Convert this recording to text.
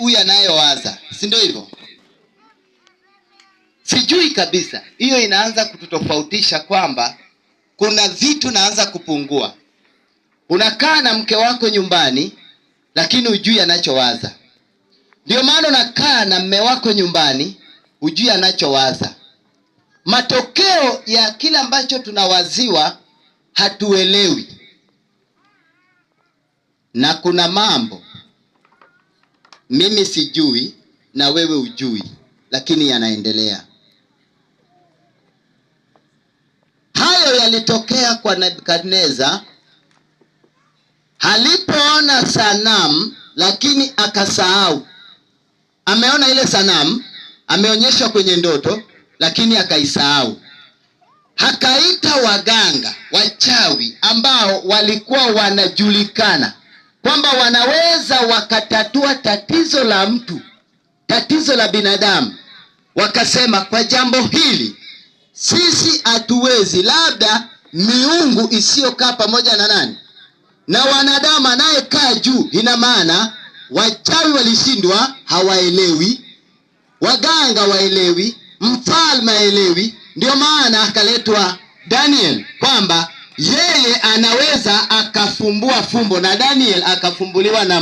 huyu anayowaza, si ndio hivyo? Sijui kabisa. Hiyo inaanza kututofautisha kwamba kuna vitu naanza kupungua. Unakaa na mke wako nyumbani, lakini hujui anachowaza. Ndio maana unakaa na mme wako nyumbani, hujui anachowaza. Matokeo ya kile ambacho tunawaziwa hatuelewi, na kuna mambo mimi sijui na wewe ujui, lakini yanaendelea. Hayo yalitokea kwa Nebukadneza alipoona sanamu, lakini akasahau. Ameona ile sanamu, ameonyeshwa kwenye ndoto, lakini akaisahau. Hakaita waganga wachawi ambao walikuwa wanajulikana kwamba wanawe wanaweza wakatatua tatizo la mtu, tatizo la binadamu, wakasema kwa jambo hili sisi hatuwezi, labda miungu isiyokaa pamoja na nani na wanadamu anayekaa juu. Ina maana wachawi walishindwa, hawaelewi, waganga waelewi, mfalme aelewi. Ndio maana akaletwa Daniel kwamba yeye anaweza akafumbua fumbo na Daniel akafumbuliwa na